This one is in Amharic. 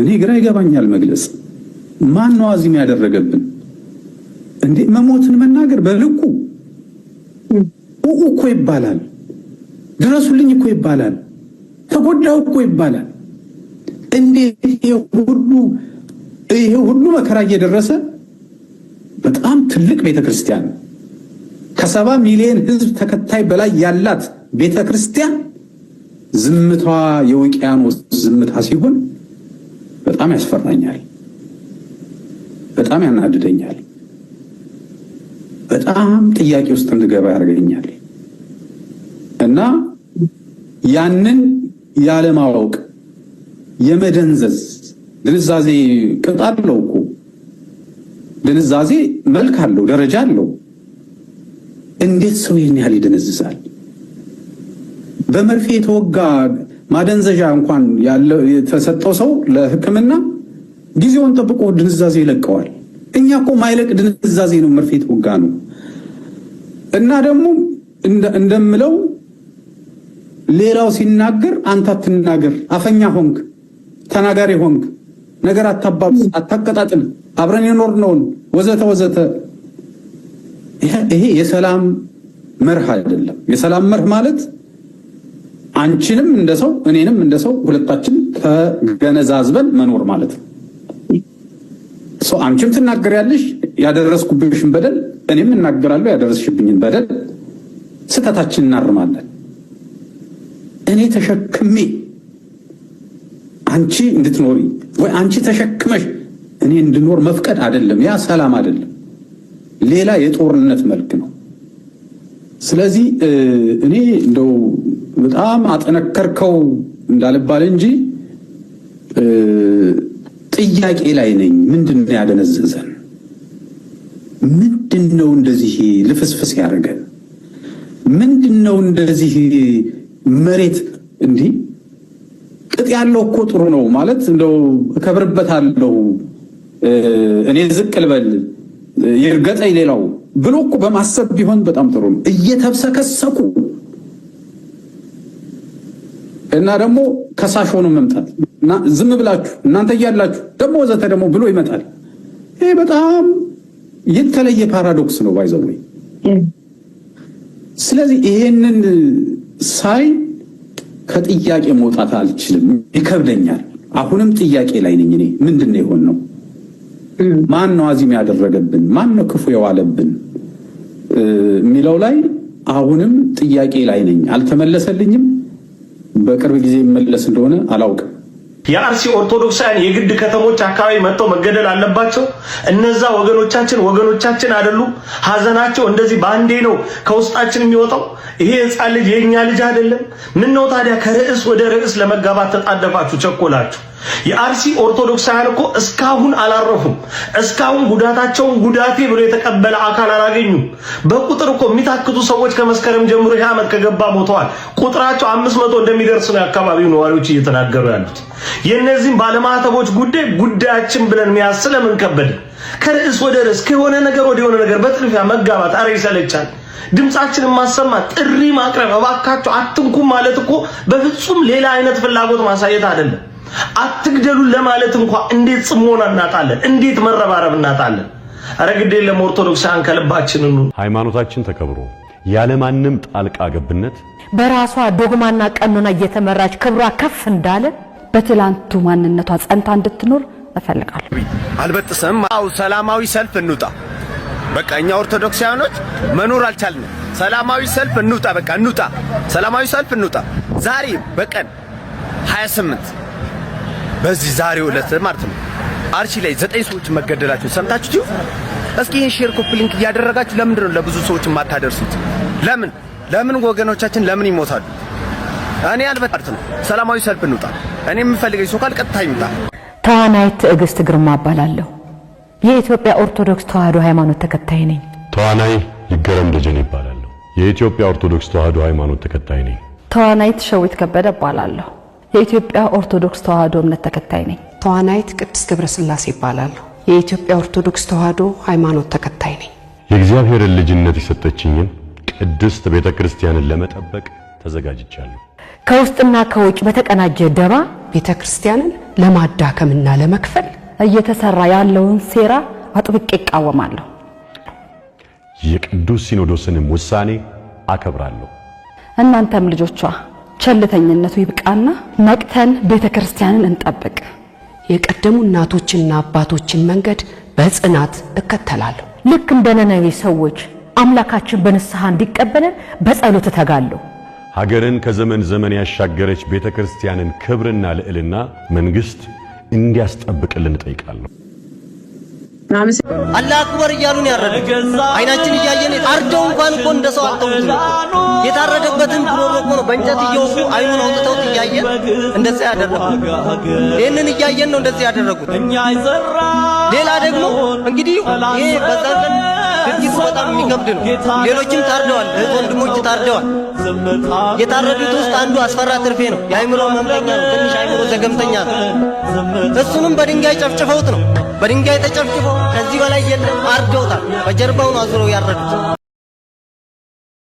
እኔ ግራ ይገባኛል መግለጽ። ማን ነው አዚም ያደረገብን? እንዴ መሞትን መናገር በልኩ እኮ ይባላል። ድረሱልኝ እኮ ይባላል። ተጎዳው እኮ ይባላል። እንዴት ይሄ ሁሉ መከራ እየደረሰ በጣም ትልቅ ቤተክርስቲያን ከሰባ ሚሊዮን ህዝብ ተከታይ በላይ ያላት ቤተክርስቲያን ዝምታዋ የውቅያኖስ ዝምታ ሲሆን በጣም ያስፈራኛል፣ በጣም ያናድደኛል፣ በጣም ጥያቄ ውስጥ እንድገባ ያደርገኛል። እና ያንን ያለማወቅ የመደንዘዝ ድንዛዜ ቅጥ አለው እኮ ድንዛዜ መልክ አለው፣ ደረጃ አለው። እንዴት ሰው ይህን ያህል ይደነዝዛል? በመርፌ የተወጋ ማደንዘዣ እንኳን የተሰጠው ሰው ለሕክምና ጊዜውን ጠብቆ ድንዛዜ ይለቀዋል። እኛ እኮ ማይለቅ ድንዛዜ ነው መርፌ የተወጋ ነው። እና ደግሞ እንደምለው ሌላው ሲናገር አንተ አትናገር፣ አፈኛ ሆንክ፣ ተናጋሪ ሆንክ፣ ነገር አታባብስ፣ አታቀጣጥል፣ አብረን የኖርነውን ወዘተ ወዘተ። ይሄ የሰላም መርህ አይደለም። የሰላም መርህ ማለት አንቺንም እንደ ሰው እኔንም እንደ ሰው ሁለታችን ተገነዛዝበን መኖር ማለት ነው። ሰው አንቺም ትናገሪያለሽ ያደረስኩብሽን በደል፣ እኔም እናገራለሁ ያደረስሽብኝን በደል። ስህተታችን እናርማለን። እኔ ተሸክሜ አንቺ እንድትኖሪ ወይ አንቺ ተሸክመሽ እኔ እንድኖር መፍቀድ አይደለም። ያ ሰላም አይደለም፣ ሌላ የጦርነት መልክ ነው። ስለዚህ እኔ እንደው በጣም አጠነከርከው እንዳልባል እንጂ ጥያቄ ላይ ነኝ። ምንድን ነው ያደነዘዘን? ምንድን ነው እንደዚህ ልፍስፍስ ያደርገን? ምንድን ነው እንደዚህ መሬት እንዲህ ቅጥ ያለው እኮ ጥሩ ነው ማለት እንደው እከብርበታለሁ እኔ ዝቅ ልበል ይርገጠኝ ሌላው ብሎ እኮ በማሰብ ቢሆን በጣም ጥሩ ነው። እየተብሰከሰኩ እና ደግሞ ከሳሽ ሆኖ መምጣት ዝም ብላችሁ እናንተ እያላችሁ ደግሞ ወዘተ ደግሞ ብሎ ይመጣል። ይህ በጣም የተለየ ፓራዶክስ ነው ባይዘው። ስለዚህ ይሄንን ሳይ ከጥያቄ መውጣት አልችልም፣ ይከብደኛል። አሁንም ጥያቄ ላይ ነኝ እኔ ምንድን ነው የሆን ነው ማን ነው አዚም ያደረገብን፣ ማን ነው ክፉ የዋለብን የሚለው ላይ አሁንም ጥያቄ ላይ ነኝ። አልተመለሰልኝም። በቅርብ ጊዜ ይመለስ እንደሆነ አላውቅም። የአርሲ ኦርቶዶክሳውያን የግድ ከተሞች አካባቢ መጥተው መገደል አለባቸው? እነዛ ወገኖቻችን ወገኖቻችን አይደሉም? ሀዘናቸው እንደዚህ በአንዴ ነው ከውስጣችን የሚወጣው? ይሄ ህፃን ልጅ የእኛ ልጅ አይደለም? ምን ነው ታዲያ ከርዕስ ወደ ርዕስ ለመጋባት ተጣደፋችሁ ቸኮላችሁ? የአርሲ ኦርቶዶክሳውያን እኮ እስካሁን አላረፉም። እስካሁን ጉዳታቸውን ጉዳቴ ብሎ የተቀበለ አካል አላገኙም። በቁጥር እኮ የሚታክቱ ሰዎች ከመስከረም ጀምሮ ይህ ዓመት ከገባ ሞተዋል። ቁጥራቸው አምስት መቶ እንደሚደርስ ነው የአካባቢው ነዋሪዎች እየተናገሩ ያሉት። የእነዚህም ባለማህተቦች ጉዳይ ጉዳያችን ብለን መያዝ ስለምን ከበደ? ከርዕስ ወደ ርዕስ ከሆነ ነገር ወደ የሆነ ነገር በጥድፊያ መጋባት፣ አረ ይሰለቻል። ድምጻችንን ማሰማት፣ ጥሪ ማቅረብ፣ እባካቸው አትንኩም ማለት እኮ በፍጹም ሌላ አይነት ፍላጎት ማሳየት አይደለም። አትግደሉን ለማለት እንኳ እንዴት ጽሞና እናጣለን? እንዴት መረባረብ እናጣለን? ኧረ ግድ የለም ኦርቶዶክሳን ከልባችን ሃይማኖታችን ተከብሮ ያለማንም ጣልቃ ገብነት በራሷ ዶግማና ቀኖና እየተመራች ክብሯ ከፍ እንዳለ በትላንቱ ማንነቷ ጸንታ እንድትኖር እፈልጋለሁ። አልበጥስም። አዎ ሰላማዊ ሰልፍ እንውጣ። በቃ እኛ ኦርቶዶክሳውያኖች መኖር አልቻልንም። ሰላማዊ ሰልፍ እንውጣ። በቃ እንውጣ። ሰላማዊ ሰልፍ እንውጣ። ዛሬ በቀን 28 በዚህ ዛሬው ዕለት ማለት ነው አርቺ ላይ ዘጠኝ ሰዎች መገደላቸው ሰምታችሁ እስኪ ይህን ሼር ኮፒ ሊንክ እያደረጋችሁ ለምንድን ነው ለብዙ ሰዎች የማታደርሱት? ለምን ለምን ወገኖቻችን ለምን ይሞታሉ? እኔ አልበጣት ነው። ሰላማዊ ሰልፍ እንውጣ። እኔ የምፈልገኝ ሰው ካል ቀጥታ ይምጣ። ተዋናይት ትዕግስት ግርማ እባላለሁ። የኢትዮጵያ ኦርቶዶክስ ተዋህዶ ሃይማኖት ተከታይ ነኝ። ተዋናይ ይገረም ደጀን እባላለሁ። የኢትዮጵያ ኦርቶዶክስ ተዋህዶ ሃይማኖት ተከታይ ነኝ። ተዋናይት ሸዊት ከበደ እባላለሁ። የኢትዮጵያ ኦርቶዶክስ ተዋህዶ እምነት ተከታይ ነኝ። ተዋናይት ቅድስት ገብረስላሴ ይባላሉ። የኢትዮጵያ ኦርቶዶክስ ተዋህዶ ሃይማኖት ተከታይ ነኝ። የእግዚአብሔርን ልጅነት የሰጠችኝን ቅድስት ቤተ ክርስቲያንን ለመጠበቅ ተዘጋጅቻለሁ። ከውስጥና ከውጭ በተቀናጀ ደባ ቤተ ክርስቲያንን ለማዳከምና ለመክፈል እየተሰራ ያለውን ሴራ አጥብቄ ይቃወማለሁ። የቅዱስ ሲኖዶስንም ውሳኔ አከብራለሁ። እናንተም ልጆቿ ቸልተኝነቱ ይብቃና ነቅተን ቤተ ክርስቲያንን እንጠብቅ። የቀደሙ እናቶችና አባቶችን መንገድ በጽናት እከተላለሁ። ልክ እንደ ነነዌ ሰዎች አምላካችን በንስሐ እንዲቀበለን በጸሎት እተጋለሁ። ሀገርን ከዘመን ዘመን ያሻገረች ቤተ ክርስቲያንን ክብርና ልዕልና መንግሥት እንዲያስጠብቅልን እጠይቃለሁ። አላህ አክበር እያሉ ነው አይናችን እያየን አርደው እንኳን እኮ እንደ ሰው አልተውት። የታረደበትን ጉሮሮ እኮ ነው በእንጨት እየወጉ አይኑን አውጥተውት እያየን እንደዛ ያደረጉ። ይህንን እያየን ነው እንደዛ ያደረጉት። ሌላ ደግሞ እንግዲህ ይሄ በዛን ድርጊቱ በጣም የሚከብድ ነው። ሌሎችም ታርደዋል፣ ወንድሞች ታርደዋል። የታረዱት ውስጥ አንዱ አስፈራ ትርፌ ነው። የአይምሮ መምጠኛ ነው። ትንሽ አይምሮ ዘገምተኛ ነው። እሱንም በድንጋይ ጨፍጭፈውት ነው። በድንጋይ ተጨፍጭፈው ከዚህ በላይ የለም አርደውታል። በጀርባውን አዙረው ያረዱት